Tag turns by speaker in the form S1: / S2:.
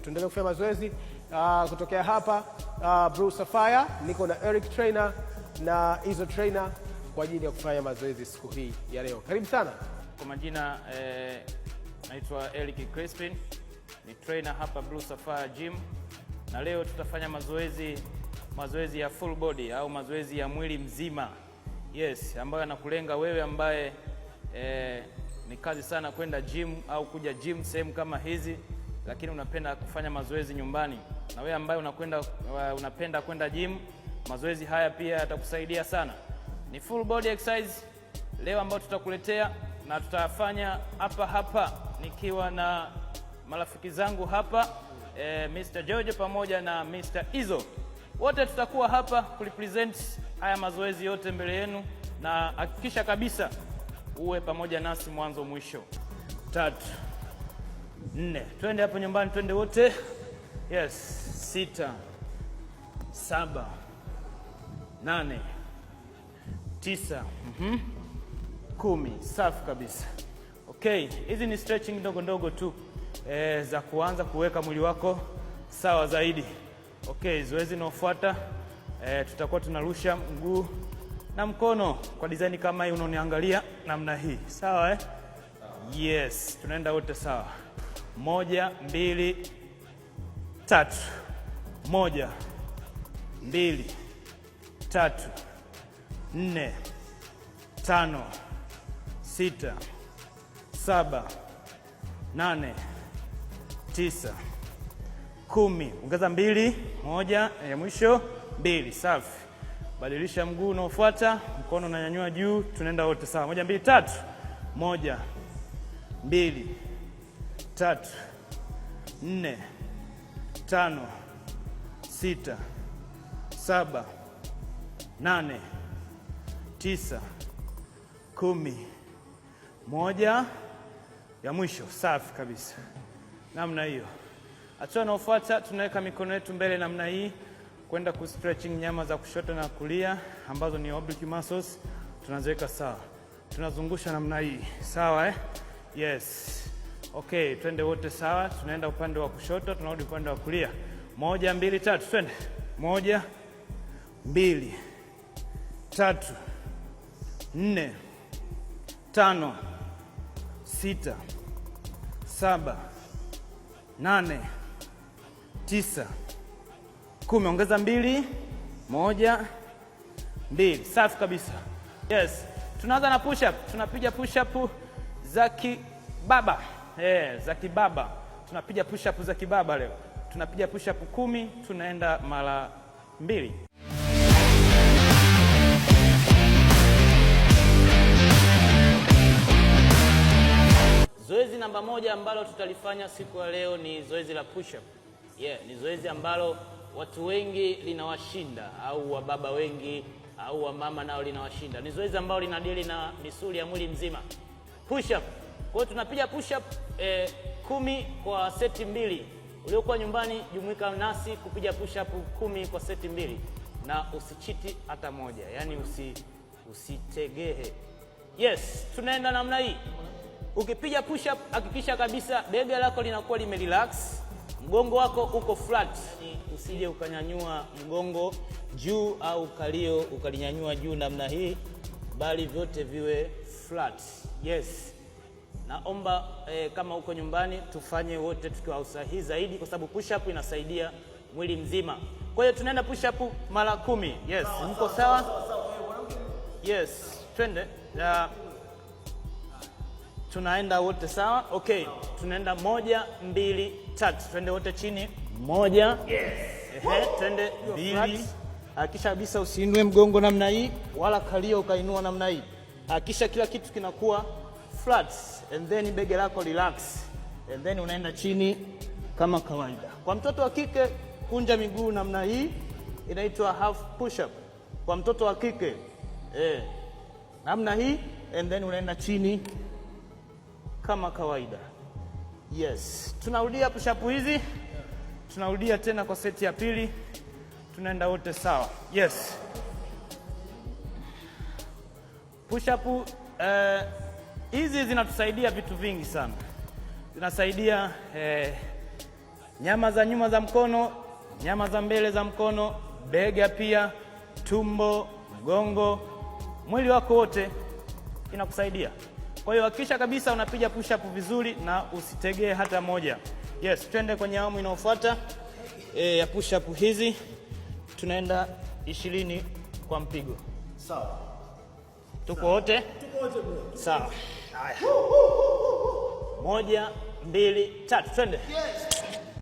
S1: Tuendelee kufanya mazoezi uh, kutokea hapa uh, ah, Blue Sapphire niko na Eric trainer na Izo trainer kwa ajili ya kufanya mazoezi siku hii ya leo. Karibu sana.
S2: Kwa majina eh, naitwa Eric Crispin ni trainer hapa Blue Sapphire Gym, na leo tutafanya mazoezi mazoezi ya full body au mazoezi ya mwili mzima, yes, ambayo anakulenga wewe ambaye eh, ni kazi sana kwenda gym au kuja gym sehemu kama hizi lakini unapenda kufanya mazoezi nyumbani, na wewe ambaye unakwenda uh, unapenda kwenda gym, mazoezi haya pia yatakusaidia sana. Ni full body exercise leo ambayo tutakuletea na tutafanya hapa hapa nikiwa na marafiki zangu hapa eh, Mr. george pamoja na Mr. Izo, wote tutakuwa hapa kulipresent haya mazoezi yote mbele yenu, na hakikisha kabisa uwe pamoja nasi mwanzo mwisho.
S3: Tatu nne, twende hapo nyumbani, twende wote. Yes, sita, saba, nane, tisa, mm -hmm. kumi. Safi kabisa. Okay, hizi ni stretching ndogo ndogo tu e, za kuanza kuweka mwili wako sawa zaidi. Okay, zoezi inaofuata e, eh, tutakuwa tunarusha mguu na mkono kwa design kama hii unaoniangalia namna hii, sawa eh? Yes, tunaenda wote sawa. Moja, mbili, tatu. Moja, mbili, tatu, nne, tano, sita, saba, nane, tisa, kumi. Ongeza mbili, moja ya mwisho, mbili. Safi. Badilisha mguu unaofuata, mkono unanyanyua juu, tunaenda wote sawa. Moja, mbili, tatu. Moja, mbili tatu, nne, tano, sita, saba, nane, tisa, kumi, moja ya mwisho. Safi kabisa, namna hiyo. Hatua anaofuata tunaweka mikono yetu mbele namna hii kwenda ku nyama za kushoto na kulia ambazo ni oblique muscles, tunaziweka sawa, tunazungusha namna hii, sawa eh? Yes. Okay, twende wote sawa. Tunaenda upande wa kushoto, tunarudi upande wa kulia. Moja, mbili, tatu, twende. Moja, mbili, tatu, nne, tano, sita, saba, nane, tisa, kumi. Ongeza mbili. Moja, mbili. Safi kabisa. Yes, tunaanza na push up. Tunapiga push up za kibaba hey, eh, za kibaba. Tunapiga push up za kibaba leo, tunapiga push up kumi, tunaenda mara mbili.
S2: Zoezi namba moja ambalo tutalifanya siku ya leo ni zoezi la push up. Yeah, ni zoezi ambalo watu wengi linawashinda au wababa wengi au wamama nao linawashinda. Ni zoezi ambalo linadili na misuli ya mwili mzima. Push up kwa hiyo tunapiga push up eh, kumi kwa seti mbili. Uliokuwa nyumbani jumuika nasi kupiga push up kumi kwa seti mbili na usichiti hata moja, yaani usi, usitegehe. Yes, tunaenda namna hii. Ukipiga push up hakikisha kabisa bega lako linakuwa limerelax, mgongo wako uko flat, usije ukanyanyua mgongo juu au kalio ukalinyanyua juu namna hii, bali vyote viwe flat. Yes. Naomba e, kama uko nyumbani tufanye wote tukiwa usahihi zaidi, kwa sababu push up inasaidia mwili mzima. Kwa hiyo tunaenda push up mara kumi. Yes, mko sawa? Yes, twende. Uh, tunaenda wote sawa? Okay, tunaenda moja, mbili, tatu. Twende wote chini, moja. Yes. twende mbili. Hakikisha kabisa usiinue mgongo namna hii wala kalio ukainua namna hii. Hakikisha kila kitu kinakuwa flat and then bega lako relax and then unaenda chini kama kawaida. Kwa mtoto wa kike kunja miguu namna hii inaitwa half push up. Kwa mtoto wa kike eh, namna hii and then unaenda chini kama kawaida. Yes, tunarudia push up hizi, tunarudia tena kwa seti ya pili, tunaenda wote sawa. Yes, push up uh, eh, Hizi zinatusaidia vitu vingi sana, zinasaidia eh, nyama za nyuma za mkono, nyama za mbele za mkono, bega pia, tumbo, mgongo, mwili wako wote inakusaidia. Kwa hiyo hakikisha kabisa unapiga push up vizuri na usitegee hata moja. Yes, twende kwenye awamu inayofuata e, ya push up hizi tunaenda ishirini kwa mpigo. Sawa. Tuko wote? Tuko wote. Sawa. Haya, moja, mbili, tatu, twende. Yes.